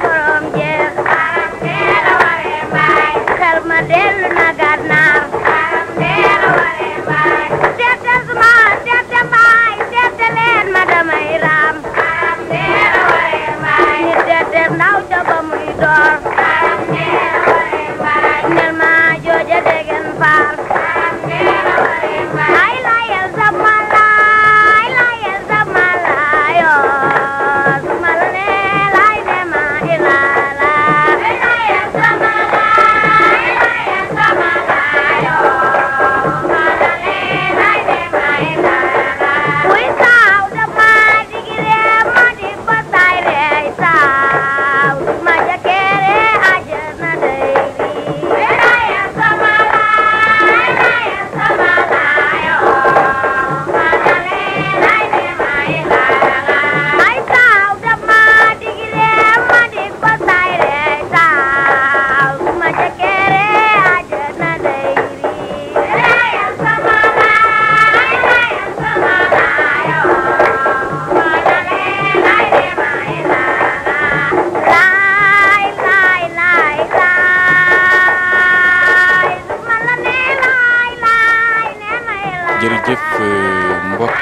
Come on.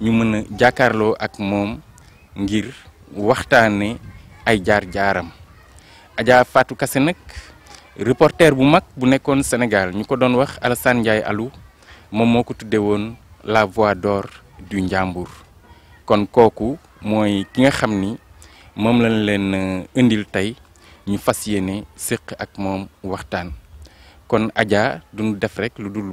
ñu mën a ak mom ngir waxtaane ay jaar-jaaram Adja Fatou Kassé nag reporter bu mag bu nekkoon Sénégal ñu alasan doon wax Alassane kutu Alou moom moo ko la voix d'or du kon kooku moy ki nga xam ni moom lañ leen euh, indil tey ñu ak mom waxtaan kon aja duñu def rek lu dul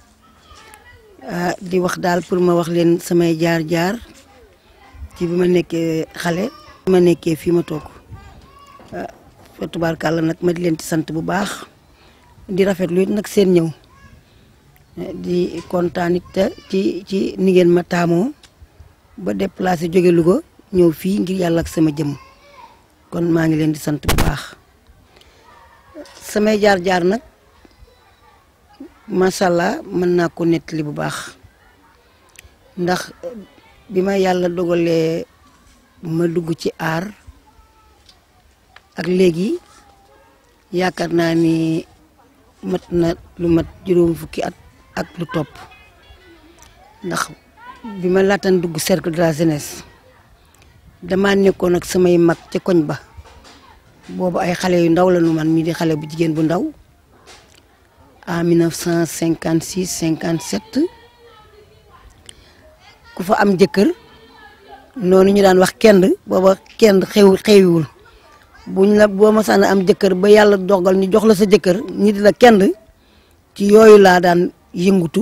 Eh, di wax dal pour ma wax len samay jaar-jaar ci bima nekké xalé ma nekkee ma tok eh, fa nak ma di len ci sante bu baax di rafet luy nak sen ñew eh, di contane te ci ci ni ngeen ma tamo ba déplacé jóge ñew fi ngir yalla ak sama jëm kon ma ngi len di sante bu baax samay jaar-jaar nak macha allah mën naa ko nettali bu baax ndax bi ma yàlla dogalee ma dugg ci aar ak léegi yaakaar naa ni mat na lu mat juróom fukki at ak lu topp ndax bi ma laataan dugg cercle de la jeunesse damaa nekkoon ak samay mag ca koñ ba boobu ay xale yu ndaw la nu man mii di xale bu jigéen bu ndaw en 1956 57 ku fa am jëkkër noonu ñu daan wax kenn booba kenn xew xewiwul buñ la boo masaan am jëkkër ba yàlla dogal ñu jox la sa jëkkër ñi di la kenn ci yooyu laa daan yëngutu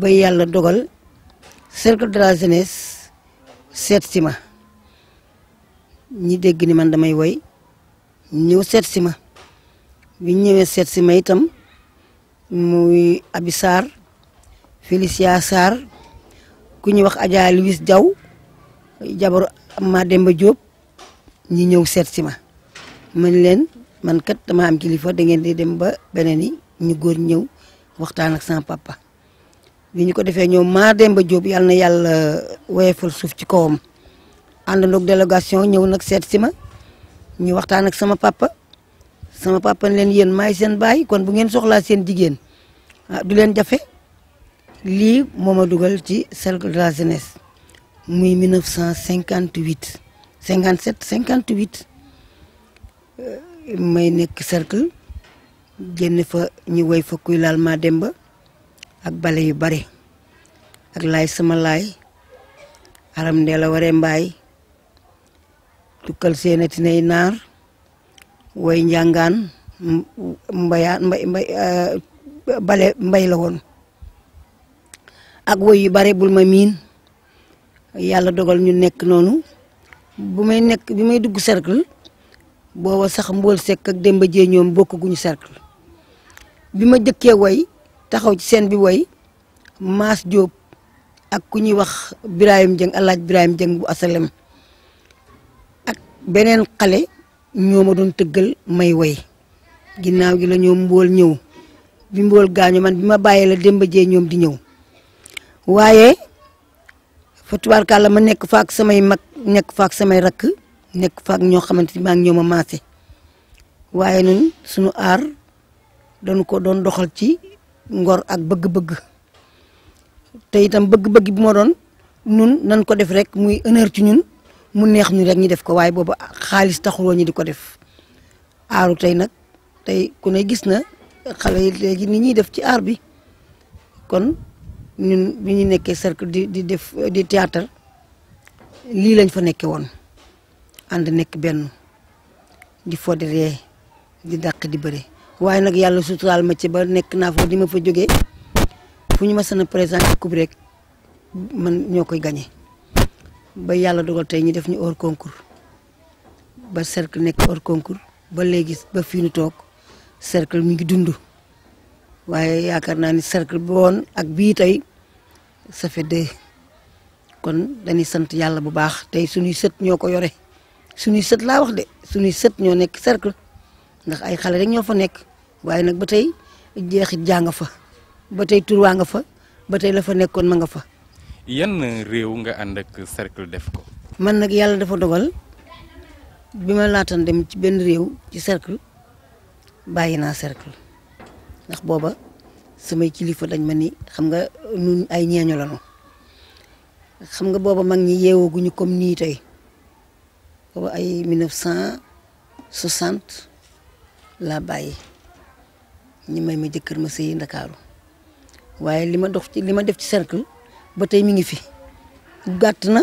ba yàlla dogal cercle de la jeunesse seet si ma ñi dégg ni man damay woy ñëw seet si ma bi ñëwee seet si ma itam muy abissar Felicia Sar, Sarr wax Adja Louis Diaw ma demba job ñi ñew set ci ma man len man kat dama am kilifa da ngeen di dem ba benen sama papa biñu ko defé ñoo ma demba job yalla na yalla wayeful suuf ci kawam àndandoog délégation ñëw nag ma ñu waxtaan ak sama papa sama papa len yen may sen bay kon bu ngeen soxla sen digeen ah du len jafé li moma dugal ci cercle de la jeunesse muy 1958 57 58 may nek cercle genn fa ñi way fa kuy lal ma demba ak bale yu bare ak lay sama lay aram ndela waré mbay tukal senati nay nar way njàngaan mbayaan mbay mbay eh, bale mbay la woon ak woy yu bare bul ma miin yàlla dogal ñu nekk noonu bu may nekk bi may dugg cercle booba sax mbool sekk ak Demba Jee ñoom bokk guñu cercle bi ma jëkkee woy taxaw ci seen bi woy Maas Jóob ak ku ñuy wax Birahim Jëng alaaj Birahim Jëng bu asalem ak beneen xale ñoma doon teggal may way ginnaaw gi la ñom bool ñew bi mbool gañu man bima baye la demba je ñom di ñew waye fa tubaarkàlla ma nek fa ak samay mak nek fa ak samay rak nek fa ak ñoo ma ni maa nun sunu ar, dañu ko doon doxal ci ngor ak bëgg-bëgg te itam bëgg-bëgg bi mo doon nun nan ko def rek muy honneur ci ñun mu neex ñu rek ñu def ko waaye boobu xaalis taxuloo ñu di ko def aaru tey nag tey ku ne gis na xale yi léegi ni ñuy def ci aar bi kon ñun bi ñu nekkee cercle di di def di théâtre lii lañ fa nekkee woon ànd nekk benn di fo di ree di dàq waaye nag yàlla suturaal ma ci ba nekk naa fa di ma fa jógee fu ñu ma sën a présenté rek man ñoo koy gañe ba yàlla dogal tey ñu def ñu hors concours ba cercle nekk hors concours ba léegi ba fii nu toog cercle mi ngi dund waaye yaakaar naa ni cercle bi ak bii tey ça fait deux kon dañuy sant yàlla bu baax tey suñuy sët ñoo ko yore suñuy sët laa wax de suñuy sët ñoo nekk cercle ndax ay xale rek ñoo fa nekk waaye nag ba tey jeexit jaa fa ba tey tur waa nga fa ba tey la fa nekkoon ma nga fa yan réew nga ànd ak cercle def ko. man nag yàlla dafa dogal bi ma laataan dem ci benn réew ci cercle bàyyi naa cercle ndax booba samay kilifa dañ ma ni xam nga nun ay ñeeño lañu xam nga booba mag ñi yeewooguñu comme nii tey booba ay 1960 laa bàyyi ñi may ma jëkkër ma sëyi Ndakaaru waaye li ma dox ci li ma def ci cercle. ba tey mi ngi fi gàtt na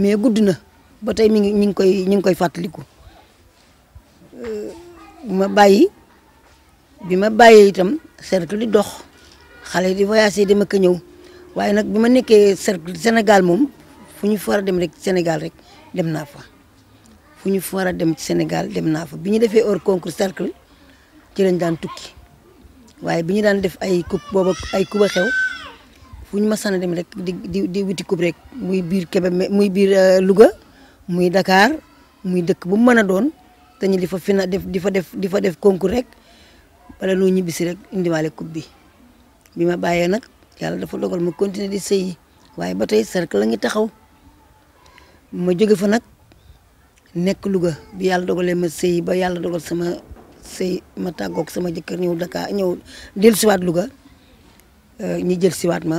mais gudd na ba tey mi ngi ñu ngi koy ñu ngi koy fàttaliku ma bàyyi bi ma bàyyee itam cercle di dox xale di voyager dem ak ñëw waaye nag bi ma nekkee cercle Sénégal moom fu ñu far a dem rek Sénégal rek dem naa fa fu ñu far a dem ci Sénégal dem naa fa bi ñu defee hors concours cercle ci lañ daan tukki waaye bi ñu daan def ay coupe booba fu ñu mësaan a dem rek di di di wuti coupe rek muy biir Kébémer muy biir euh, Louga muy dakaar muy dëkk bu mu mën a doon te ñu di fa fina def di fa def di fa def concours rek wala noo ñibbisi rek indiwaale coupe bi bi ma bàyyee nag yàlla dafa dogal ma continuer di sey waaye ba tey cercle la ngi taxaw ma jóge fa nag nekk Louga bi yàlla dogalee ma sey ba yàlla dogal sama sëy ma tàggoog sama jëkkër ñëw Dakar ñëw siwaat Louga euh, ñi jël siwaat ma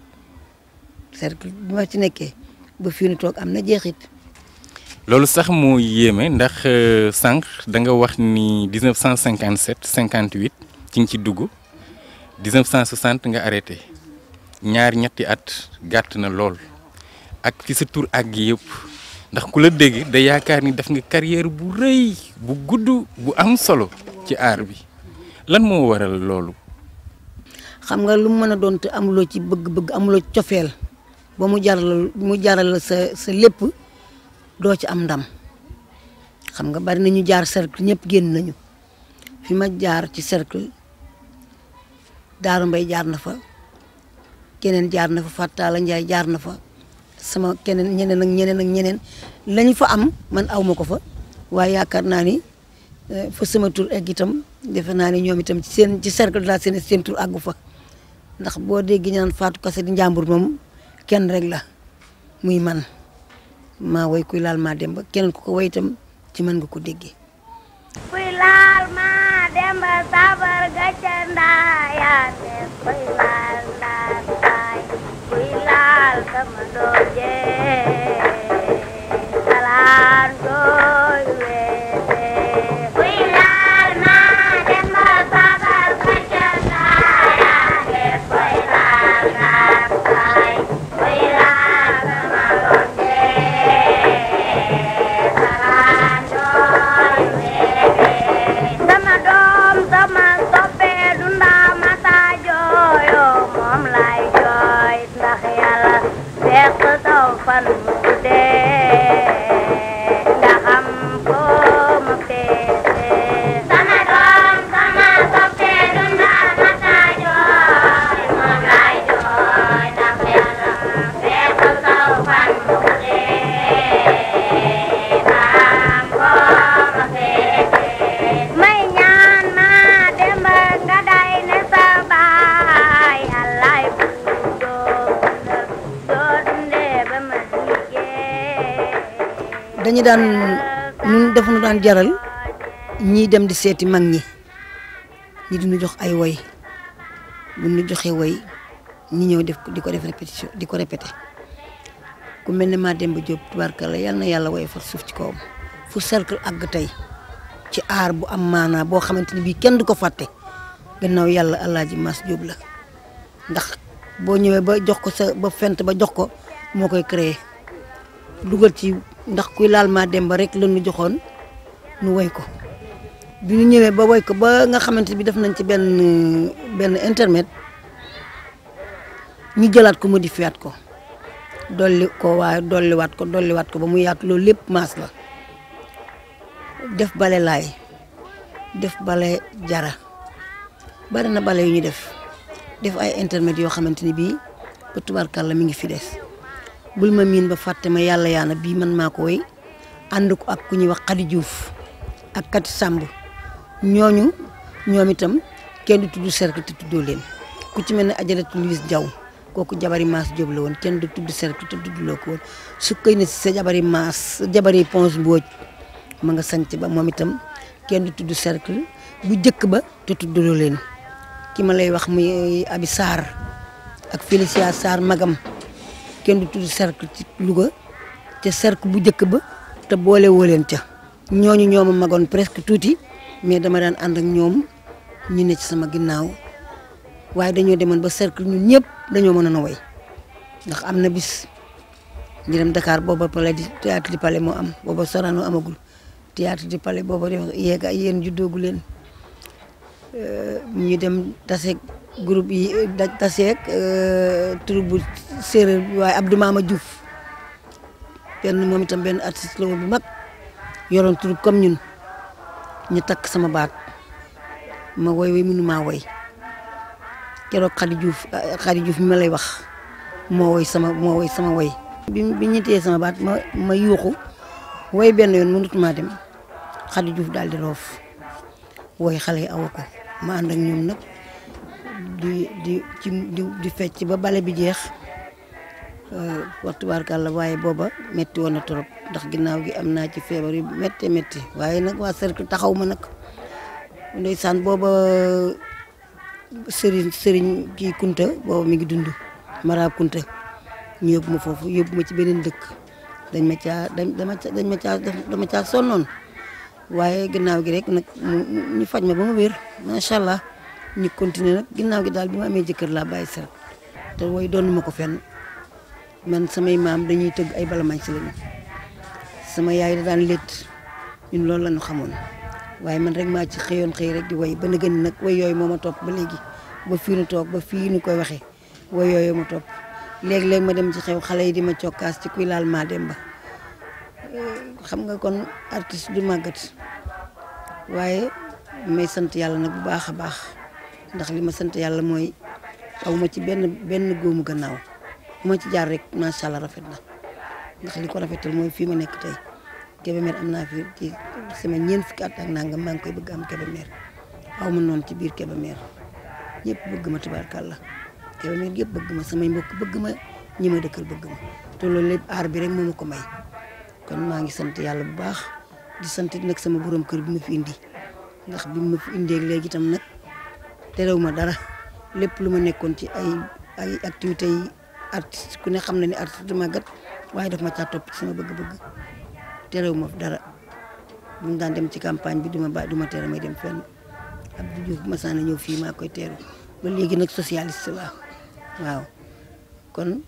bi ma ci nekkee ba fii nu toog am na jeexit. loolu sax moo yéeme ndax euh, sànq da nga wax ni 1957 58 ci ngi ci dugg 1960 nga arrêté ñaar ñetti at gàtt na lool ak fi sa tur àgg yëpp ndax ku la dégg da yaakaar ni def nga carrière bu rëy bu gudd bu am solo ci aar bi lan moo waral loolu. xam nga lu mën a doon te amuloo ci bëgg-bëgg amuloo ci cofeel ba mu jaral mu jaral sa sa lepp do ci am ndam xam nga bari nañu jaar cercle ñepp genn nañu fi ma jaar ci cercle Daaru Mbay jaar na fa keneen jaar na fa fatala ndjay jaar na fa sama keneen ñeneen ak ñeneen ak ñeneen lañu fa am man aw ma ko fa waaye yaakar naa ni eh, fa sama tour ak itam defe ni ñoom itam ci sen ci cercle la sen sen tur agu fa ndax bo dégg ñaan Fatou kasse di jambour mom ken rek la muy man ma way kuy lal ma dem ba keneen ku ko way tam ci man nga ko déggee. kuy lal ma dem ba sabar gàcce ndaa yaa dem kuy lal ndaa ndaa kuy lal sama do je salaam. ñi daan ñun def ñu daan jaral ñi dem di séti mag ñi ñi di jox ay way bu ñu joxé way ñi ñëw def diko def répétition diko répété ku melni ma dem bu Diop tubaarkalla yal na yalla way far suuf ci kawam fu cercle ag tay ci ar bu am mana bo xamanteni bi kenn duko faté gannaaw yàlla alaaji Mass Diop la ndax bo ñëwee ba jox ko sa ba fent ba jox ko moo koy créé dugal ci ndax kuy laal ma dem ba rek lañu joxoon nu way ko bi ñu ñëwee ba way ko ba nga xamante bi def nañ ci benn benn internet ñu jëlaat ko modifiaat ko dolli ko waaye dolliwaat ko dolliwaat ko ba mu yaatu loolu lépp maas la def bale laay def bale jara bari na bale yu ñu def def ay internet yoo xamante ni bii ba tubaarkàlla mi ngi fi des bul ma min ba fatte ma yàlla yaana bi man mako way woy ko ak ku wax khadijouf ak kat sambu ñoñu ñoom itam kenn du cercle te tuddu len ku ci melni Diaw jabari mas Diop la won kenn du tudd cercle te tuddloo ko won su koy ne sa jabari mas jabari ponce boj ma nga sanc ba moom itam kenn du tudd cercle bu jekk ba te len ki lay wax muy abissar ak felicia sar magam kenn du tudd cercle ci Louga ca cercle bu njëkk ba te boole woo leen ca ñooñu ñoo ma magoon presque tuuti mais dama daan ànd ak ñoom ñu ne ci sama ginnaaw waaye dañoo demoon ba cercle ñun ñëpp dañoo mën a way ndax am na bis ñu dem dakaar booba palais di théâtre di palais moo am booba Sorano amagul théâtre di pale booba di wax yéeg yéen juddoogu leen euh, ñu dem tase groupe yi euh, da taseeg euh, troupe bu séeréer bi waaye Abdou Mama Diouf benn moom itam benn artiste la woon bu mag yoroon troupe comme ñun ñu takk sama baat ma woy woy mënu maa woy keroog Khady Diouf euh, Khady ma lay wax moo woy sama woy sama woy bi bi ñu sama baat ma yuuxu woy benn yoon mënut maa dem Khady Diouf daal di roof woy xale yi ko ma ànd ak nag di di ci fecc ba bale bi jeex uh, waxtu barkal la waaye booba métti woon na trop ndax ginnaaw gi am naa ci feebar yu métti métti waaye nag waa cercle taxaw ma nag ndeysaan booba sëriñ sëriñ kii kunta booba mi ngi dund maraab kunta ñu yóbbu ma foofu yóbbu ma ci beneen dëkk dañ ma caa dañ dama caa dañ ma caa dama caa sonnoon waaye ginnaaw gi rek nag ñu faj ma ba mu wér macha allah. ni continuer nag ginnaaw gi daal bi ma amee jëkkër laa bàyyi saret te woy doon ma ko fenn man samay maam dañuy tëgg ay bala mañ si lañu sama yaay da daan létt ñun loolu lañu xamoon waaye man rek maa ci xëyoon xëy rek di woy ba na nag woy yooyu moo ma topp ba léegi ba fii nu toog ba fii nu koy waxee woy yooyu ma topp léeg ma dem ci xew xale yi di ma cokkaas ci kuy laal maa dem ba eh, xam nga kon artiste du màggat waaye may sant yàlla nag bu baax a baax ndax li ma sant yàlla mooy aw ma ci benn benn góomu gannaaw moo ci jaar rek macha allah rafet na ndax li ko rafetal mooy fii ma nekk tey Kébémer am naa fi ci sama ñeent fukki at ak nangam maa ngi koy bëgg am Kébémer aw ma noonu ci biir Kébémer ñëpp bëgg ma tubaarkàlla Kébémer yëpp bëgg ma samay mbokk bëgg ma ñi ma dëkkal bëgg ma te loolu lépp aar bi rek moo ma ko may kon maa ngi sant yàlla bu baax di santi nag sama borom kër bi ma fi indi ndax bi ma fi indee léegi itam nag. terewuma dara lépp lu ma nekkoon ci ay ay activités yi artiste ku ne xam na ni ne artiste màggat waaye daf ma caa topp ci sama bëgg-bëgg terewuma dara mun mu daan dem ci campagne bi duma ba duma tere may dem fenn Abdou ma saana ñëw fii maa koy teeru ba léegi nag socialiste la waaw kon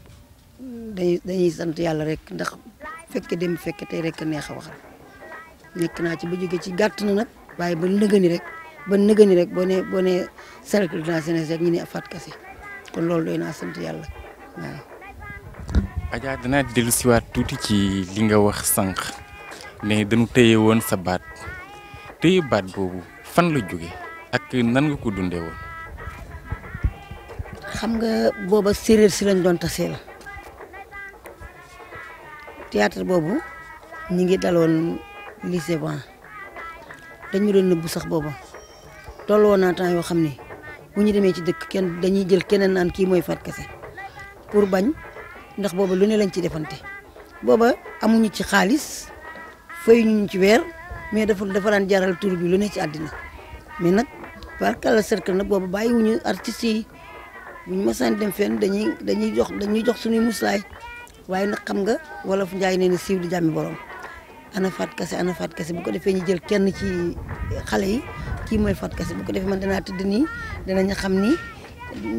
dañuy dañuy sant yàlla rek ndax fekke dem fekke tey rek neex a waxal nekk naa ci ba jóge ci gàtt na nag waaye ba nëgëni rek ba nëgë ni rek boo ne boo nee cercle de la jeunesse rek ñu ne Fatou Kassé kon loolu doy naa sant yàlla waaw. Adja dinaa dellusiwaat tuuti ci li nga wax sànq ne dañu téye woon sa baat téye baat boobu fan la jóge ak nan nga ko dundee woon. xam nga booba séeréer si lañ doon taseel théâtre boobu ñu ngi daloon lycée ban dañu doon nëbbu sax booba. tolloo naa yoo xam ne bu ñu demee ci dëkk kenn dañuy jël keneen naan kii mooy Fatou Kassé pour bañ ndax booba lu ne lañ ci defante booba amuñu ci xaalis fayuñu ci weer mais dafa dafa daan jaral tur bi lu ne ci àddina mais nag par kala cercle nag booba bàyyiwuñu artistes yi bu ñu mësaan dem fenn dañuy dañuy jox dañuy jox suñuy muslaay waaye nag xam nga wolof njaay nee na siiw di jàmmi borom ana Fatou Kassé ana Fatou Kassé bu ko defee ñu jël kenn ci xale yi kii mooy Fatou Kassé bu ko defee man danaa tëdd nii danañ xam ni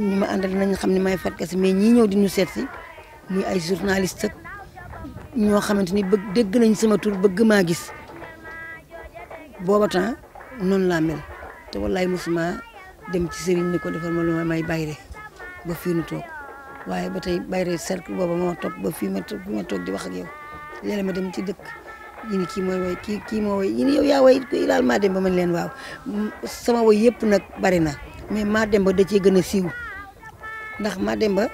ñi ma àndal danañ xam ni may Fatou Kassé mais ñii ñëw di ñu seet si muy ay journaliste ak ñoo xamante ni bëgg dégg nañ sama tur bëgg maa gis booba temps noonu laa mel te wallaay mosuma dem ci sëriñ ni ko defal ma lu ma may bayre ba fii nu toog waaye ba tey bayre cercle booba moo topp ba fii ma toog di wax ak yow léeg ma dem ci dëkk. ini kii mooy way kii kii moo way ini yow yaa way ko ilaal maa dem ba leen waaw sama way yëpp nag bari na mais maa dem ba da cee gën a siiw ndax maa dem ba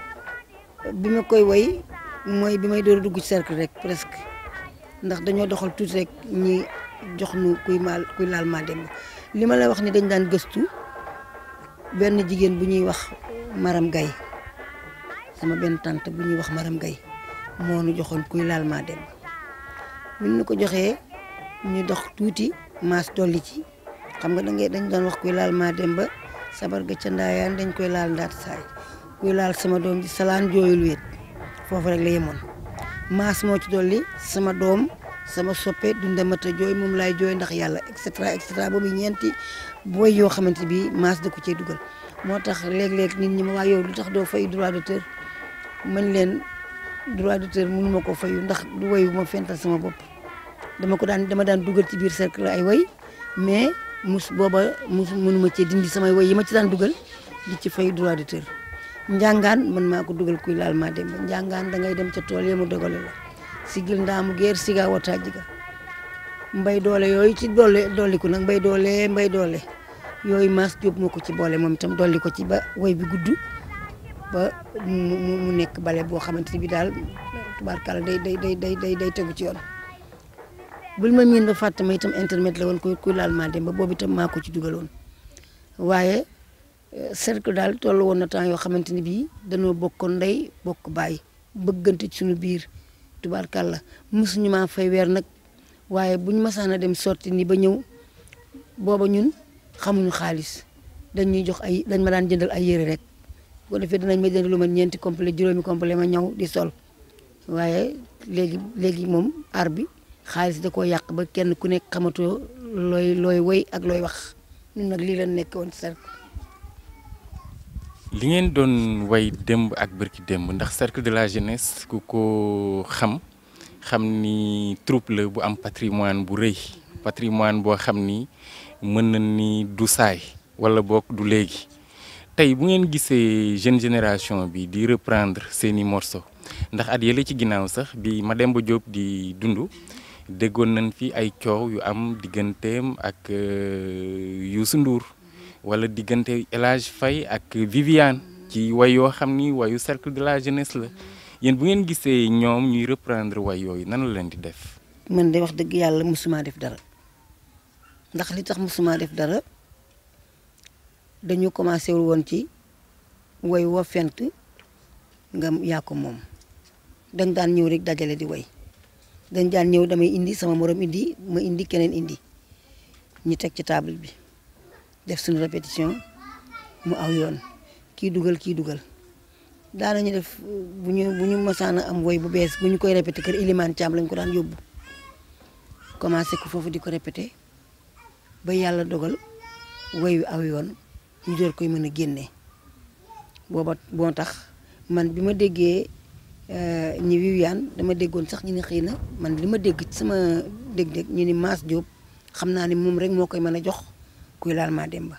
bi ma koy woy mooy bi may door a dugg ci cercle rek presque ndax dañoo doxal tuuti rek ñi jox nu kuy maal kuy laal maa dem li ma la wax ni dañ daan gëstu benn jigéen bu ñuy wax Maram gay sama benn tante bu ñuy wax Maram gay moo nu joxoon kuy laal maa dem buñ ñu ko joxee ñu dox tuuti mas dolli ci xam nga da ngay dañ doon wax kuy laal ma dem ba sabar ga ci ndayaan dañ koy laal ndat say kuy laal sama doom di salaan joyul wet fofu rek la yemon mas mo ci dolli sama doom sama soppe dundamata joy mum lay joy ndax yalla et cetera et cetera bo muy ñenti boy yo xamanteni bi mas da ko ci duggal motax leg leg nit ñi ma waa yow lu tax doo fay droit d'auteur man len droit d'auteur mënuma ko fayu ndax du wayu ma fental sama bop dama ko daan dama daan dugal ci biir cercle ay way mais mus boba mus munuma ci dindi sama way yima ci daan dugal di ci fay droit d'auteur njangan man mako duggal kuy lal ma dem njangan da ngay dem ca tol ya dogal la sigil ndamu guer siga wata ga mbay dole yoy ci doole ko nak mbay dole mbay dole yoy mas jóob moko ci bolé mom tam doli ko ci ba way bi gudd ba mu nek bale bo xamanteni bi dal tubarkal day day day day day teggu ci yoon bul ma miin ba fàtte ma itam internet la woon koy kuy laal maa dem ba boobu itam maa ko ci dugaloon waaye eh, cercle daal toll woon na temps yoo xamante ni bii danoo bokkoon ndey bokk baay bëggante ci suñu biir tubaarkàlla mosuñu maa fay weer nag waaye buñ masaan a dem sotti nii ba ñëw booba ñun xamuñu xaalis dañuy jox ay dañ ma daan jëndal ay yére rek bu ko defee dinañ ma jënd lu ma ñeenti complet juróomi complet ma ñaw di sol waaye léegi léegi moom aar bi xaalis da ko yàq ba kenn ku nekk xamatoo looy looy woy ak looy wax ñun nag lii lañ nekk woon cercle. li ngeen doon way démb ak bërki démb ndax cercle de la jeunesse ku ko xam xam ni troupe la bu am patrimoine bu rëy patrimoine boo xam ni mën na ni du saay wala book du léegi tey bu ngeen gisee jeune génération bi di reprendre seeni morso ndax at yële ci ginnaaw sax bi Mademba Diop di dund déggoon nañ fi ay coow yu am digganteem ak euh, Youssou Ndour wala diggante El Hadj ak Viviane ci way yoo xam ni wayu cercle de la jeunesse la yéen bu ngeen gisee ñoom ñuy reprendre way yooyu nan leen di def. man de wax dëgg yàlla mosuma def dara ndax li tax mosuma def dara dañu commencé woon ci way woo fent nga yaa ko moom dañ daan ñëw rek dajale di way. dañ jaan ñew damay indi sama morom indi ma indi keneen indi ñu tek ci table bi def suñu répétition mu aw yoon kii dugal ki dugal daanañu def bu ñu bu am way bu bes buñu ñu koy répété kër iliman cham lañ ko daan yobbu commencé ko fofu di ko répété ba yalla dogal way wi aw yoon ñu door koy mëna génné génnee booba tax man bima ma Euh, ñi Viviane dama déggoon sax ñu ne xëy na man li ma dégg ci sama dégg-dégg ñu ni Mass Diop xam naa ne moom rek moo koy mën a jox kuy laal maa dem ba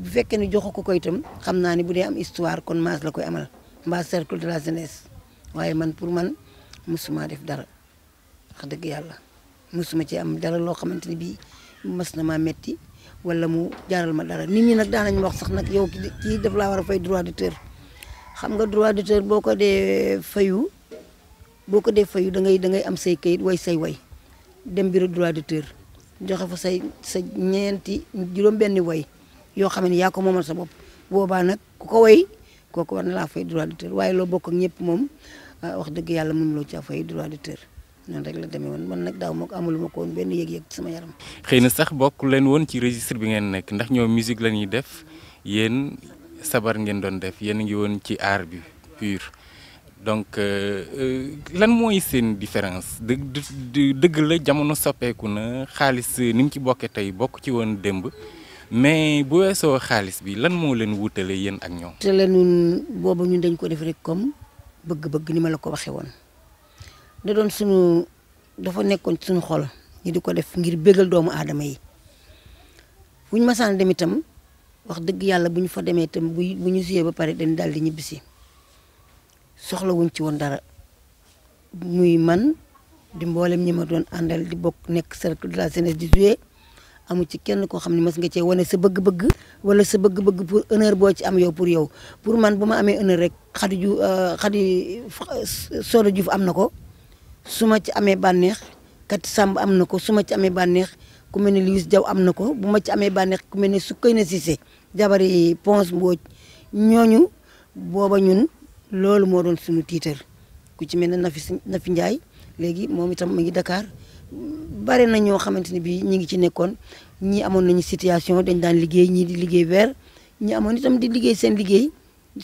bu fekkee ne joxu ko koy itam xam naa ne bu dee am histoire kon Mass la koy amal mbaa cercle de la jeunesse waaye man pour man mosuma def dara wax dëgg yàlla mosuma ci am dara loo xamante ni bii mas na maa metti wala mu jaaral ma dara nit ñi nag daanañ wax sax nag yow kii daf laa war a fay droit d'auteur xam nga droit d'auteur boo ko dee fayu boo ko dee fayu da ngay da ngay am say kayit way say way dem bureau droit d'auteur joxe fa say sa ñeenti juróom-benni way yoo xam ne yaa ko moomal sa bopp boobaa nag ku ko way kooku war na laa fay droit d'auteur waaye loo bokk ak ñëpp moom ah, wax dëgg yàlla mënuloo caa fay droit d'auteur noonu rek la demee woon man nag daaw moo ko amuluma ko woon benn yëg-yëg sama yaram. xëy na sax bokk leen woon ci registre bi ngeen nekk ndax ñoo musique la ñuy def yéen sabar ngeen doon def yéen a ngi woon ci art bi pur donc euh, euh, lan mooy seen différence dë dëgg la jamono soppeeku na xaalis euh, ni mu ci bokkee tey bokk ci woon démb mais bu weesoo xaalis bi lan moo leen wutale yéen ak ñoom. te la boobu ñun dañ ko def rek comme bëgg-bëgg ni ma la ko waxee woon da doon sunu dafa nekkoon ci sunu xol ñu di ko def ngir bégal doomu aadama yi fu ñu masaan dem itam. wax dëgg yàlla bu ñu fa demee tamit bu bu ñu suyee ba pare dañ daal di ñibbisi soxla wuñ ci woon dara muy man di mboolem ñi ma doon àndal di bokk nekk cercle de la jeunesse di jouer amu ci kenn koo xam ne mas nga cee wane sa bëgg-bëgg wala sa bëgg-bëgg pour honneur boo ci am yow pour yow pour man bu ma amee honneur rek xadi ju euh, xadi sooda juuf am na ko su ma ci amee bànneex kat sàmb am na ko su ma ci amee bànneex ku mel ne Jaw am na ko bu ma ci amee bànneex ku mel ne Soukeyna Cissé jabari Ponce Mbodj ñooñu booba ñun loolu moo doon suñu tiitar ku ci mel ne Nafi Nafi Ndiaye léegi moom itam mu ngi Dakar bare na ñoo xamante ni bii ñu ngi ci nekkoon ñi amoon na nañu situation dañ daan liggéey ñii di liggéey ver ñi amoon itam di liggéey seen liggéey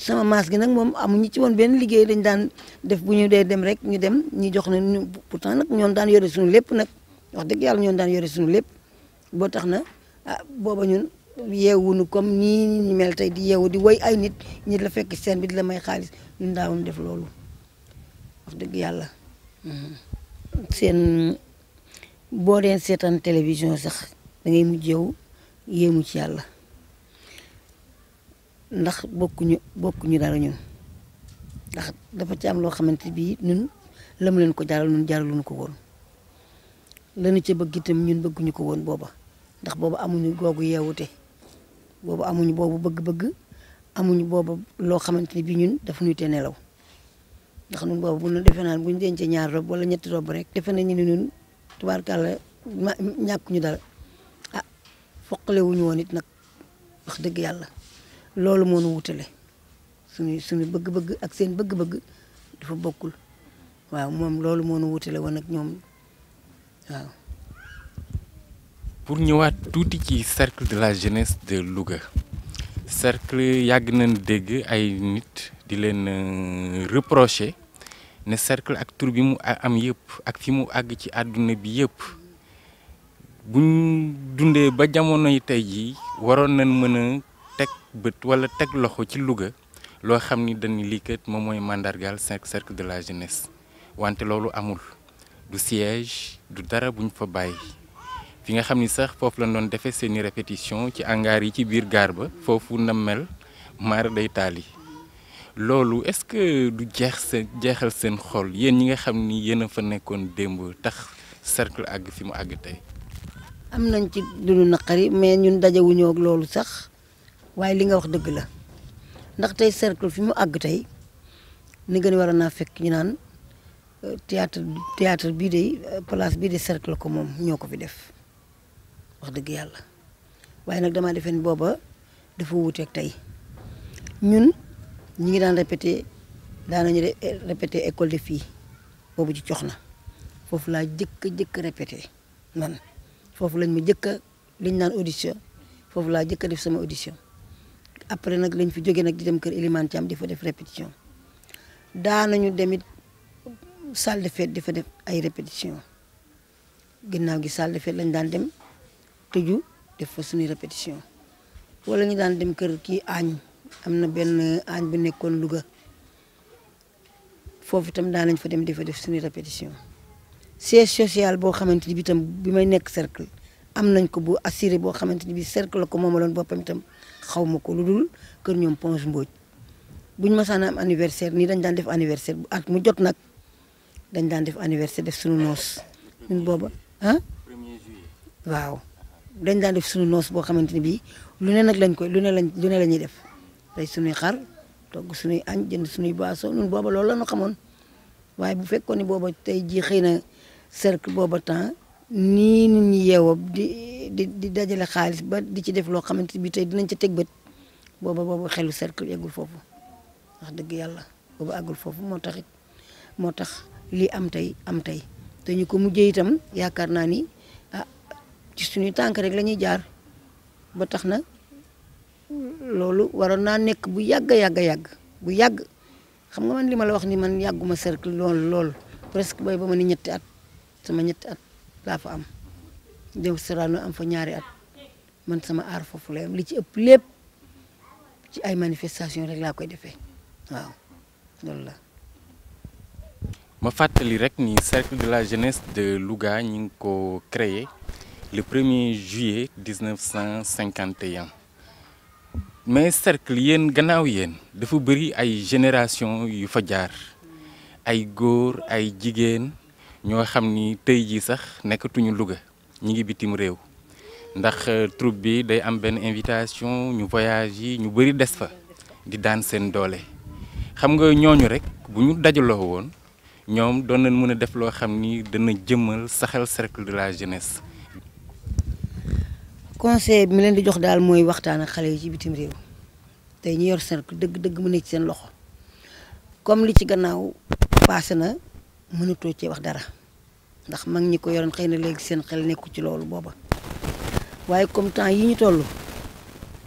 sama maas gi nag moom amuñu ci woon benn liggéey dañ daan def bu ñu dee dem rek ñu dem ñu jox na ñu pourtant nag ñoon daan yore suñu lépp nag wax dëgg yàlla ñoon daan yore suñu lépp boo tax na ah, booba ñun yeewuñu comme nii ñu mel tey di yeewu di woy ay nit nit la fekk seen bi di la may xaalis ñun daawuñu def loolu wax dëgg yàlla. seen boo dee seetaan télévision sax da ngay mujj yow yàlla ndax bokkuñu bokkuñu dara ñun ndax dafa ci am loo xamante bi ñun lamu leen ko jaral ñun jaraluñu ko woon lanu ca bëgg itam ñun bëgguñu ko woon booba ndax booba amuñu googu yeewute boobu amuñu boobu bëgg-bëgg amuñu boobu loo xamante ni bi ñun dafa ñuy te nelaw ndax ñun boobu bu ñu naan bu ñu dencee ñaar rob wala ñetti rob rek defe nañu ne ñun tubaarkàlla ma ñàkk ñu dara ah foqale wuñu woon it nag wax dëgg yàlla loolu moo ñu wutale suñu suñu bëgg ak seen bëgg-bëgg dafa bokkul waaw moom loolu moo ñu wutale woon ak ñoom waaw pour ñëwaat tuuti ci cercle de la jeunesse de Louga cercle yàgg nañ dégg ay nit di leen euh, reprocher ne cercle ak tur bi mu am yëpp ak fi mu àgg ci àdduna bi yëpp buñ dundee ba jamonoy tey jii waroon nañ mën a teg bët wala teg loxo ci Louga loo xam ni dañu lii moom mooy mandargaal cercle de la jeunesse wante loolu amul du siège du dara buñ fa bàyyi. fi nga xam ni sax foofu lañ doon defee seen i répétition ci hangar yi ci biir gaar ba foofu na mel maar day taali loolu est-ce que du jeex seen jeexal seen xol yéen ñi nga xam ni yéen a fa nekkoon démb tax cercle àgg fi mu àgg tey. am nañ ci lu naqari mais ñun dajewuñoo loolu sax waaye li nga wax dëgg la ndax tey cercle fi mu àgg tey ni gën war a naa fekk ñu naan euh, théâtre théâtre bii de euh, place bii de cercle ko moom ñoo ko fi def. wax deug yalla waye nak dama defe boba booba dafa ak tay ñun ñi ngi daan répéter daan ñu répéter école de fi bobu ci joxna fofu la jëk jëk répéter man fofu lañ ma jëkk liñ nane audition fofu la jëk def sama audition après nak lañ fi joggé nak di dem kër Elimane Thiam di fa def répétition ñu demit salle de fête di fa def ay répétition ginnaw gi salle de fête lañ daan dem tëju def fa suñuy répétition wala ñu daan dem kër kii aañ am na benn aañ bu nekkoon Louga foofu tam daan nañ fa dem di fa def suñuy répétition siège social boo xamante ni bi itam bi may nekk cercle am nañ ko bu assuré boo xamante ni bi cercle la ko moomaloon boppam itam xaw ma ko lu dul kër ñoom Ponge Mbodj buñ masaan am anniversaire nii dañ daan def anniversaire bu at mu jot nag dañ daan def anniversaire def suñu noos ñun booba ah waaw dañ daan def suñu noos boo xamante ni bii lu ne nag lañ koy lu ne lañ lu la ñuy def tey suñuy xar togg suñuy añ jënd suñuy baaso ñun booba loolu la ñu xamoon waaye bu fekkoon ni booba tey jii xëy na cercle booba temps nii nit ñi yeewoo di di di dajale xaalis ba di ci def loo xamante ni bii tey dinañ ca teg bët booba boobu xelu cercle eggul foofu wax dëgg yàlla boobu foofu moo tax moo tax lii am tey am tey te ñu ko mujjee itam yaakaar naa ni. ci suñu tànk rek lañuy jaar ba tax na loolu waroon naa nekk bu yàgg yàgg yàgg bu yàgg xam nga man li ma la wax ni man yàgguma cercle lool lool presque booy ba ma ni ñetti at sama ñetti at laa fa am dem Sorano am fa ñaari at man sama aar foofu la li ci ëpp lépp ci ay manifestation rek laa koy defee waaw loolu la. ma fàttali rek ni cercle de la jeunesse de Louga ñi ngi ko créé. le 1er juillet 1951 mais cercle yéen gannaaw yéen dafa ay génération yu fa jaar ay goor ay jigen ñoo xamni tay ji sax nekatuñu ñi ngi bitim rew ndax euh, troupe bi day am invitation ñu voyage yi ñu des fa di daan sen doole xam nga ñoñu rek buñu cercle de la jeunesse conseil mi len di jox daal moy waxtana xalé yi ci bitim rew tay ñi yor cercle deug deug mu nekk ci seen loxo comme li ci gannaaw passé na to ci wax dara ndax mag ñi ko yoroon xeyna leg sen xel nekku ci lolu boba waye comme temps yi ñu tollu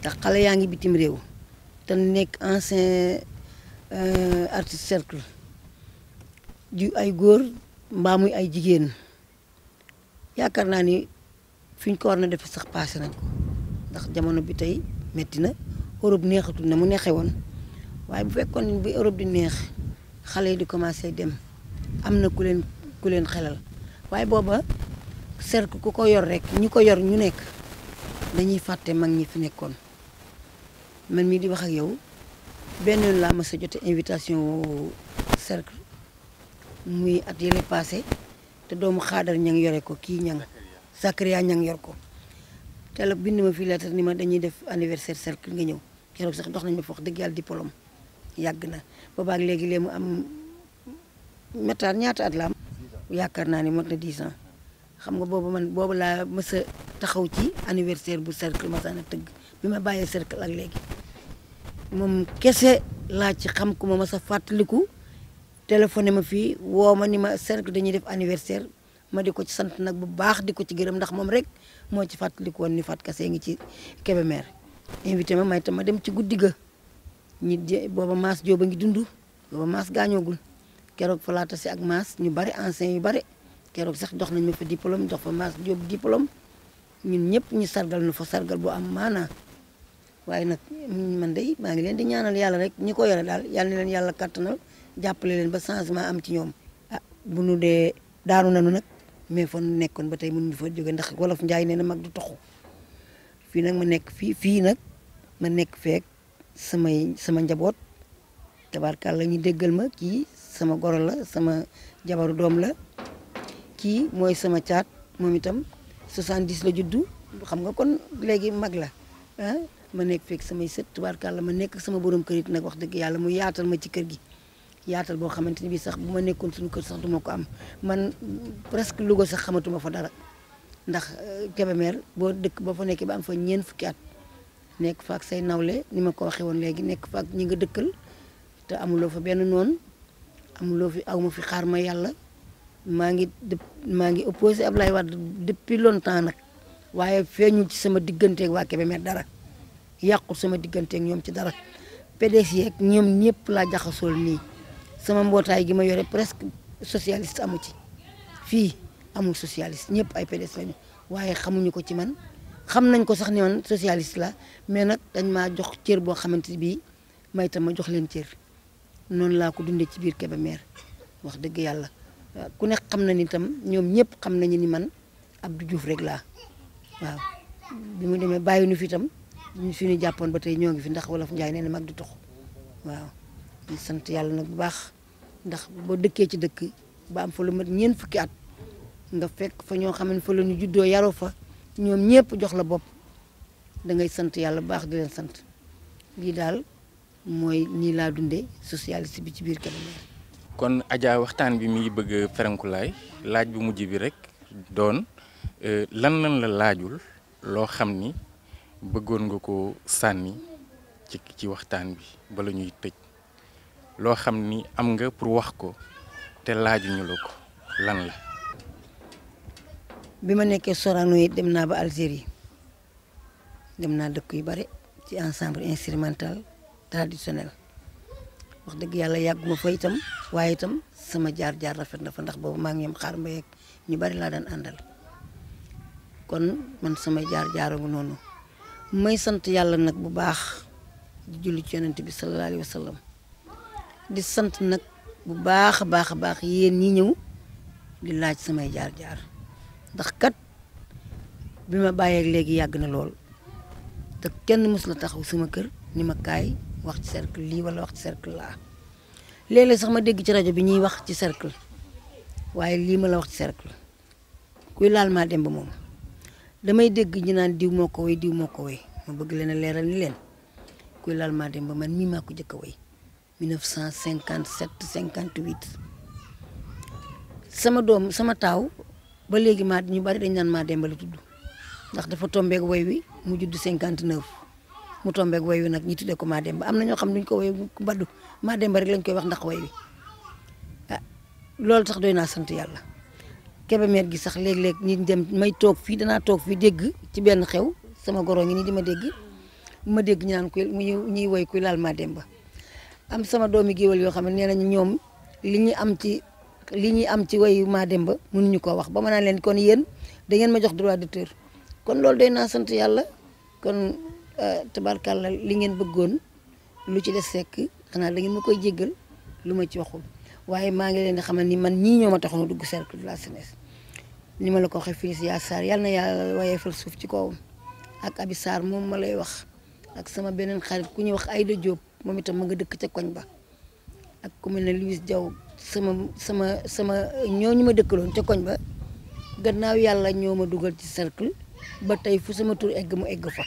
ta xalé yaangi bitim rew te nekk ancien euh, artiste cercle du ay goor mbaamuy ay jigen yakarna ni fi ñu ko war na defee sax passé nañ ko ndax jamono bi tey metti na Europe neexatul na mu neexe woon waaye bu fekkoon bi Europe di neex xale yi di commencé dem am na ku leen ku leen xelal waaye booba cercle ku ko yor rek ñu ko yor ñu nekk dañuy fàtte mag ñi fi nekkoon man mii di wax ak yow benn yoon laa mas a jote invitation cercle muy at yële passé te doomu xaadar ña ngi yore ko kii ñaŋ Sakariya Ñang yor ko te bind ma fii lettre ni ma dañuy def anniversaire cercle nga ñëw keroog sax dox nañ ma foofu dëgg yàlla diplôme yàgg na boobaak léegi lee mu am métaat ñaata at yaakaar naa ni mot na 10 ans xam nga boobu man boobu laa mës taxaw ci anniversaire bu cercle masaana tëgg bi ma bàyyee cercle ak léegi moom kese laa ci xam ku ma mës a fàttaliku téléphoné ma fii woo ma ni ma cercle dañuy def anniversaire ma di ko ci sant nag bu baax di ko ci gërëm ndax moom rek moo ci fàttaliku woon ni Fatou Kassé ngi ci Kébémer invité ma may ma dem ci guddi ga ñi booba maas jooba ngi dund booba maas keroog fa laata ak maas ñu bari ancien yu bari keroog sax dox nañ ma fa diplôme dox fa maas joob diplôme ñun ñëpp ñu sargal na fa sargal bu am maanaa waaye nag man day maa ngi leen di ñaanal yàlla rek ñi ko yore daal yal na leen yàlla kattanal jàppale leen ba changement am ci ñoom ah bu nu dee daanu nañu nag mais fan nekkoon ba tey mënuñu fa jóge ndax wolof njaay nee na mag du toxu fii nag ma nekk fii fii nag ma nekk feek samay sama njaboot tabaarkàlla ñu déggal ma kii sama goro la sama jabaru doom la kii mooy sama caat moom itam 70 la juddu xam nga kon léegi mag la ah ma nekk feek samay sët la ma nekk sama borom kër nag wax dëgg yàlla mu yaatal ma ci kër gi. yaatal boo xamante ni bii sax bu ma nekkoon suñu kër sax duma ko am man presque Louga sax xamatuma fa dara ndax euh, Kébémer boo dëkk boo fa nekkee ba am fa ñeent fukki at nekk fa ak say nawle ni ma ko waxee woon léegi nekk fa ak ñi nga dëkkal te amuloo fa benn noon amuloo fi aw ma fi xaar ma yàlla maa ngi dëpp maa ngi opposé Ablaye Wade depuis longtemps nag waaye feeñul ci sama digganteeg waa Kébémer dara yàqul sama digganteeg ñoom ci dara PDS yeek ñoom ñëpp laa jaxasool nii. sama mbootaay gi ma yore presque socialiste amu ci fii amul socialiste ñëpp ay PDS lañu waaye xamuñu ko ci man xam nañ ko sax ni man socialiste la mais nag dañ maa jox cër boo xamante bii may tam ma jox leen cër noonu laa ko dundee ci biir Kébémer wax dëgg yàlla ku nekk xam na ni itam ñoom ñëpp xam nañu ni man Abdou juuf rek laa waaw bi mu demee bàyyi nu fi tam ñu fi jàppoon ba tey ñoo ngi fi ndax wolof Njaay nee na mag di tox waaw sant yàlla nag bu baax ndax bo dekké ci dekk ba am fa lu mat ñeen fukki at nga fekk fa ño xamne fa la ñu juddoo fa ñom ñepp jox la bop da ngay sant yalla bax di len sant li dal moy ni la dundé socialiste bi ci biir Kébémer. kon aja waxtaan bi mi ngi bëgg franku lay laaj bu mujj bi rek doon euh, lan lan la laajul lo xamni ni bëggoon nga ko sanni ci ci waxtaan bi ba lañuy tejj loo xam ni am nga pour wax ko te laajuñu la ko lan la. bi ma nekkee Sorano yi dem naa ba Algérie dem naa dëkk yu bari ci ensemble instrumental traditionnel wax dëgg yàlla yàgguma fa itam waaye itam sama jaar-jaar rafet na fa ndax boobu maa ngi ñoom xaar mbay ak ñu bari laa daan àndal kon man sama jaar-jaaru noonu may sant yàlla nag bu baax di julli ci yonent bi sallallahu alayhi wa di sant nag bu baax a baax a baax yéen ñi ñëw di laaj samay jaar-jaar ndax kat bi ma bàyyeeg léegi yàgg na lool te kenn mës la taxaw suma kër ni ma kaay wax ci cercle lii wala wax ci cercle laa léeg-léeg sax ma dégg ci rajo bi ñuy wax ci cercle waaye lii ma la wax ci cercle kuy laal maa dem ba moom damay dégg ñu naan diw moo ko way diw moo ko way ma bëgg leen a leeral ni leen kuy laal maa dem ba man mii maa ko jëkk a way 1957 58 sama dom, sama taaw ba léegi ma ñu bari dañ naan maa demba la tudd ndax dafa tombeeg way wi mu judd 59 mu tombeeg way wi nak ñi tuddee ko maa demba am na kubadu. xam duñ ko way ku baddu maa demba rek lañ koy wax ndax way wi ah loolu sax doy naa sant yàlla kebemeer gi sax dem may tok fii danaa toog fii deg ci benn xew sama goro ngi di Madegi. dégg ma dégg ñu naan kuy Madem way am sama doomi géwél yoo xam ne nee nañu ñoom li ñu am ci li ñuy am ci wayu maa dem ba mënuñu ko wax ba ma naa leen kon yéen da ngeen ma jox droit d'auteur kon loolu day naa sant yàlla kon euh, tabarkàlla li ngeen bëggoon lu ci des sekk xanaa da ma koy jéggal lu ma ci waxul waaye maa ngi leen xam xamal nii man ñii ñoo ma taxoon dugg cercle de la jeunesse ni ma la ko waxee Félix Yaa Sarr yàlla na yàlla wayeefal suuf ci kawam ak Abi moom ma lay wax ak sama beneen xarit ku ñuy wax Aïda Diop moom itam mu nga dëkk ca koñ ba ak ku mel ne Louis Diaw sama sama sama ñu ma dëkkaloon ca koñ ba gannaaw yàlla ñoo ma dugal ci cercle ba tey fu sama tur egg mu egg fa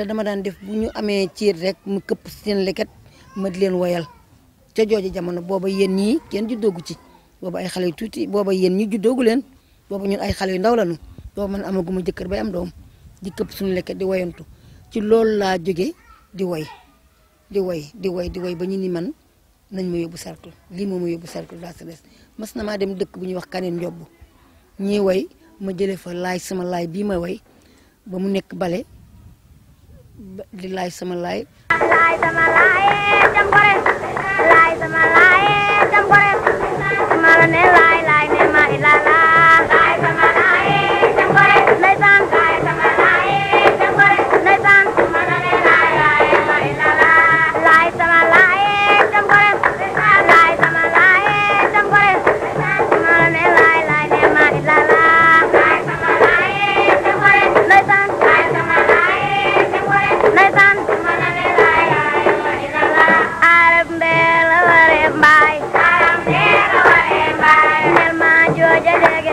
te dama daan def bu ñu amee ciir rek mu këpp seen leket ma di leen woyal ca jooju jamono booba yéen ñii kenn juddoogu ci booba ay xale yu tuuti booba yéen ñi juddoogu leen booba ñu ay xale yu ndaw lañu booba man amaguma jëkkër bay am doom di këpp suñu leket di woyantu ci loolu laa jóge di woy di way di way di way ba ñu ni man nañ ma yóbbu cercle li mo ma yóbbu cercle daa sa mas na ma dem dekk bu ñu wax kanen njobb ñi way ma jëlé fa lay sama lay bi ma way ba mu nekk balé di lay sama lay lay sama lay dem gore laay sama lay dem gore ma la ne lay lay ne ma ila la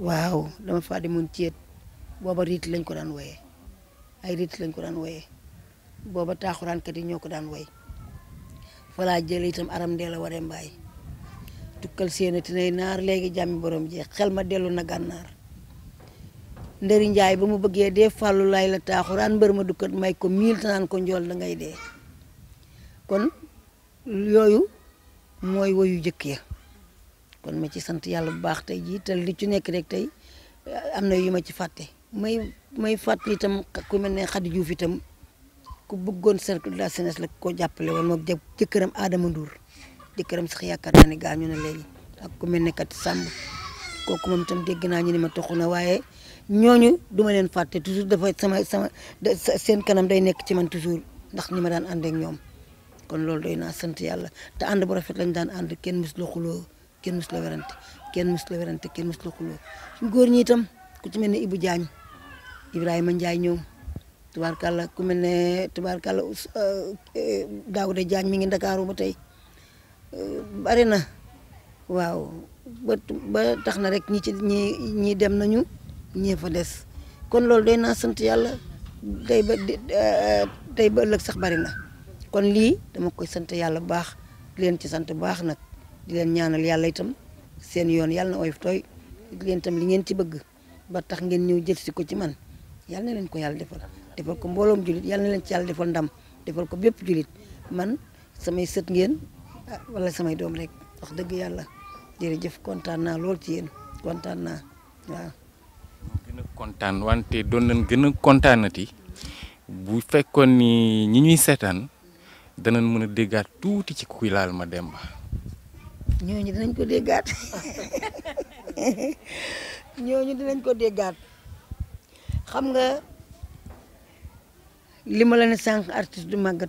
waaw dama faa demoon ceet booba riit lañ ko daan woye ay riit lañ ko daan woyee booba taaxuraankat yi ñoo ko daan woy falaa jël itam aram ndee la waree mbaay tukkal séena nay naar léegi jàmmi boroom jeex xel ma dellu na gànnaar ndëri njaay ba mu bëggee dee fàllu lay la taaxuraan mbër ma dukkat may ko miil tanaan ko njool da ngay dee kon yooyu mooy woyu jëkk ya kon ma ci sant yàlla bu baax tey jii te li ci nekk rek tey eh, am na yu ma ci fàtte may may fàtte itam ku mel ne Khady Diouf itam ku bëggoon cercle la jeunesse la ko jàppale woon moom jëkkëram Adama Ndour jëkkëram sax yaakaar naa ne gaañu na léegi ak ku mel ne kat Samb kooku moom itam dégg naa ñu ni ma toxu na waaye ñooñu du ma leen fàtte toujours dafay sama sama seen kanam day nekk ci man toujours ndax ni ma daan ànd ñoom kon loolu dooy naa sant yàlla te ànd bu rafet lañ daan ànd kenn mësuloo xuloo kenn mus la werante kenn mus la werante kenn mus la xuloo góor ñi ku ci mel ne Ibou Diagne Ibrahima Ndiaye ñëw tubaarkàlla ku mel ne tubaarkàlla euh, euh, Daouda mi ngi Ndakaaru ba tey euh, bari na waaw ba tax na rek ñi ci ñi ñi dem nañu ñee fa des kon loolu doy naa sant yàlla tey ba tey sax bari na kon lii dama koy sant yàlla bu baax leen ci sant bu baax nag di leen ñaanal yàlla itam seen yoon yàlla na oyof tooy di leen li ngeen ci bëgg ba tax ngeen ñëw jël si ko ci man yàlla na leen ko yàlla defal defal ko mbooloom julit yàlla na leen ci yàlla defal ndam defal ko bépp julit man samay sët ngeen ah, wala samay doom rek wax dëgg yàlla jërëjëf kontaan naa lool ci yéen kontaan naa waaw. kontaan wante doon nañ gën a kontaanati bu fekkoon ni ñi ñuy seetaan danañ mën a déggaat tuuti ci kuy laal ma dem ba ñooñu dinañ ko déggaat ñooñu dinañ ko déggaat xam nga li ma la ne sànq artiste du màggat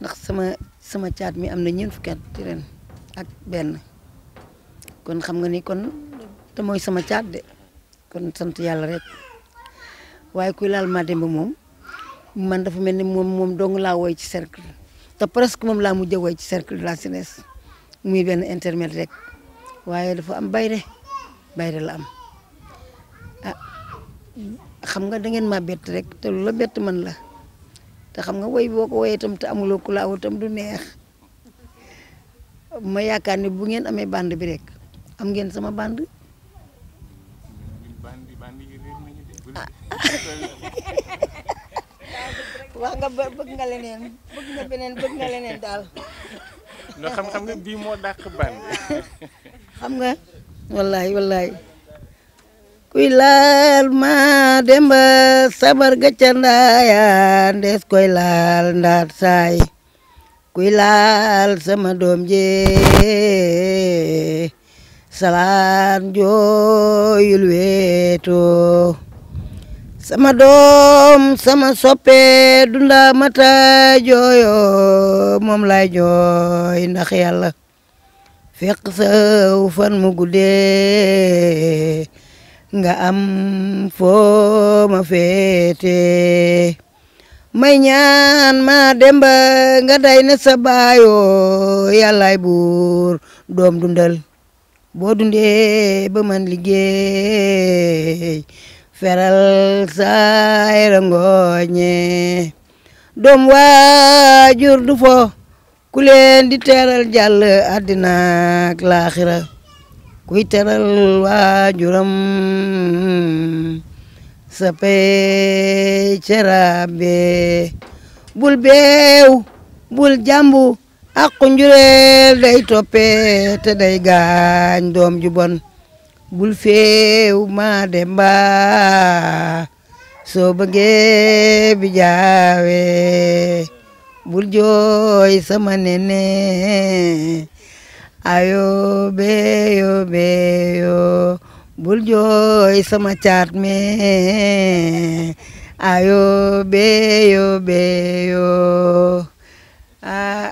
ndax sama sama caat mi am na ñeent fukki at ci ren ak benn kon xam nga ni kon te mooy sama caat de kon sant yàlla rek waaye kuy laal ma dem ba moom man dafa mel ni moom moom dong laa woy ci cercle te presque moom laa mujj woy ci cercle de la jeunesse muy ben intermel rek waye dafa am bayre bayre la am ah xam nga da ngeen ma bet rek te lu la bett man la te xam nga way boko waye tam te amuloo ku laaw tam du neex ma yakane bu ngeen amé band bi rek am ngeen sama band wax nga bëgg nga leneen bëgg nga beneen bëgg nga leneen dal. no xam xam nga bii moo dàq bànd xam nga wallaay wallaay kuy laal ma demba sabar gacca ndaaya ndees koy laal ndaat saay kuy laal sama doom je salaan jooyul weetoo sama doom sama soppe dunda mata jooyo moom lay jooy ndax yàlla fekk saw fan mu guddee nga am foo ma feete may ñaan ma demba nga day ne sa baayo yàllaay buur doom dundal boo dundee ba man liggéey feral saayra ngooñe doom waajur du fo ku di teral jàll àddina ak kuy teral waajuram sa pey bul beew bul jàmbu aqu njureel day toppe te day gaañ doom ju bon bul feew ma demba soo bëggee bi jaawe bul jooy sama nene ayo beyo beyo bul jooy sama caat me ayo beyo beyo ah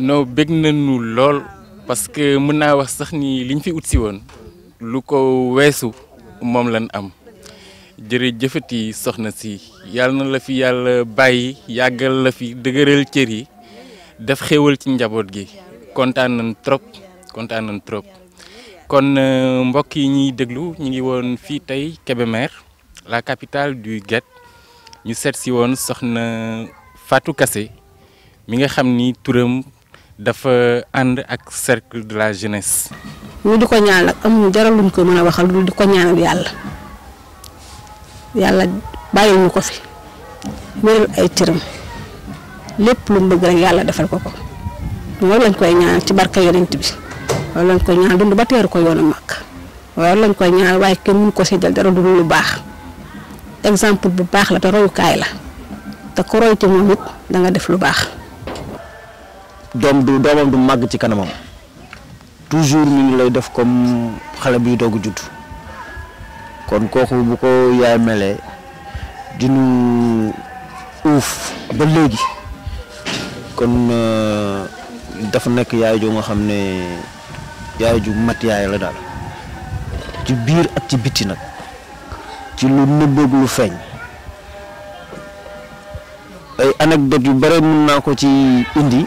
non na nañu lool parce que mën naa wax sax ni liñ fi ut si woon lu ko weesu moom lañ am jërë jërëjëfati soxna si yàlla na la fi yàlla bàyyi yàggal la fi dëgëral cër yi def xéwal ci njaboot gi kontaan trop kontaan nañ trop kon euh, mbokk yi ñuy déglu ñu ngi woon fii tey Kébémer la capitale du Guet ñu seet si woon soxna Fatou Kassé mi nga xam ni turam. dafa and ak cercle de la jeunesse. ñu diko ñaan nak amu dara luñ ko mëna waxal lu di ko ñaanal yalla yalla bàyyi ñu ko fi meul ay teeram lepp lu mu rek yalla defal ko ko loolu lañ koy ñaan ci barka yonent bi loolu lañ koy ñaan dund ba teer ko yoonu màkk loolu lañ koy ñaan way ke mu ko sédal dara du lu baax exemple bu baax la te kay la te ko roy mu nit da nga def lu baax. doom du doomam du màgg ci kanamam toujours mi ngi lay def comme xale bi doog juddu kon kooku bu ko yaay melee di uuf ba léegi kon euh, dafa nekk yaay joo nga xam ne yaay ju mat yaay la daal ci biir ak ci bitti nag ci lu nëbbeeg lu feeñ ay anecdote yu bare mën naa ko ci indi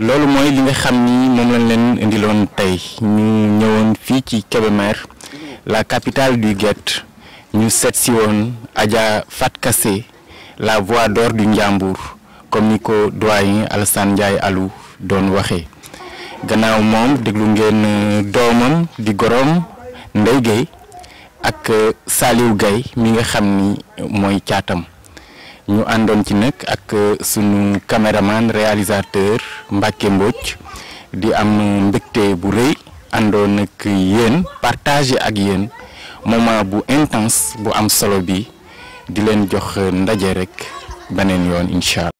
loolu mooy li nga xam ni moom lañ leen indiloon tey ñu ñëwoon fii ci Kébémer la capitale du guet ñu seet si woon Adja Fat Kassé la voix d'or du Ndiambour comme ni ko doy Alassane Ndiaye Alou doon waxee gannaaw moom déglu ngeen euh, doomam di goroom Ndeye Gueye ak euh, Saliou Gueye mi nga xam ni mooy caatam ñu àndoon ci nag ak euh, suñu caméraman réalisateur Mbacke Mbodj di am mbégte bu rëy àndoon ak yéen partager ak yéen moment bu intense bu am solo bi di leen jox ndaje rek beneen yoon incha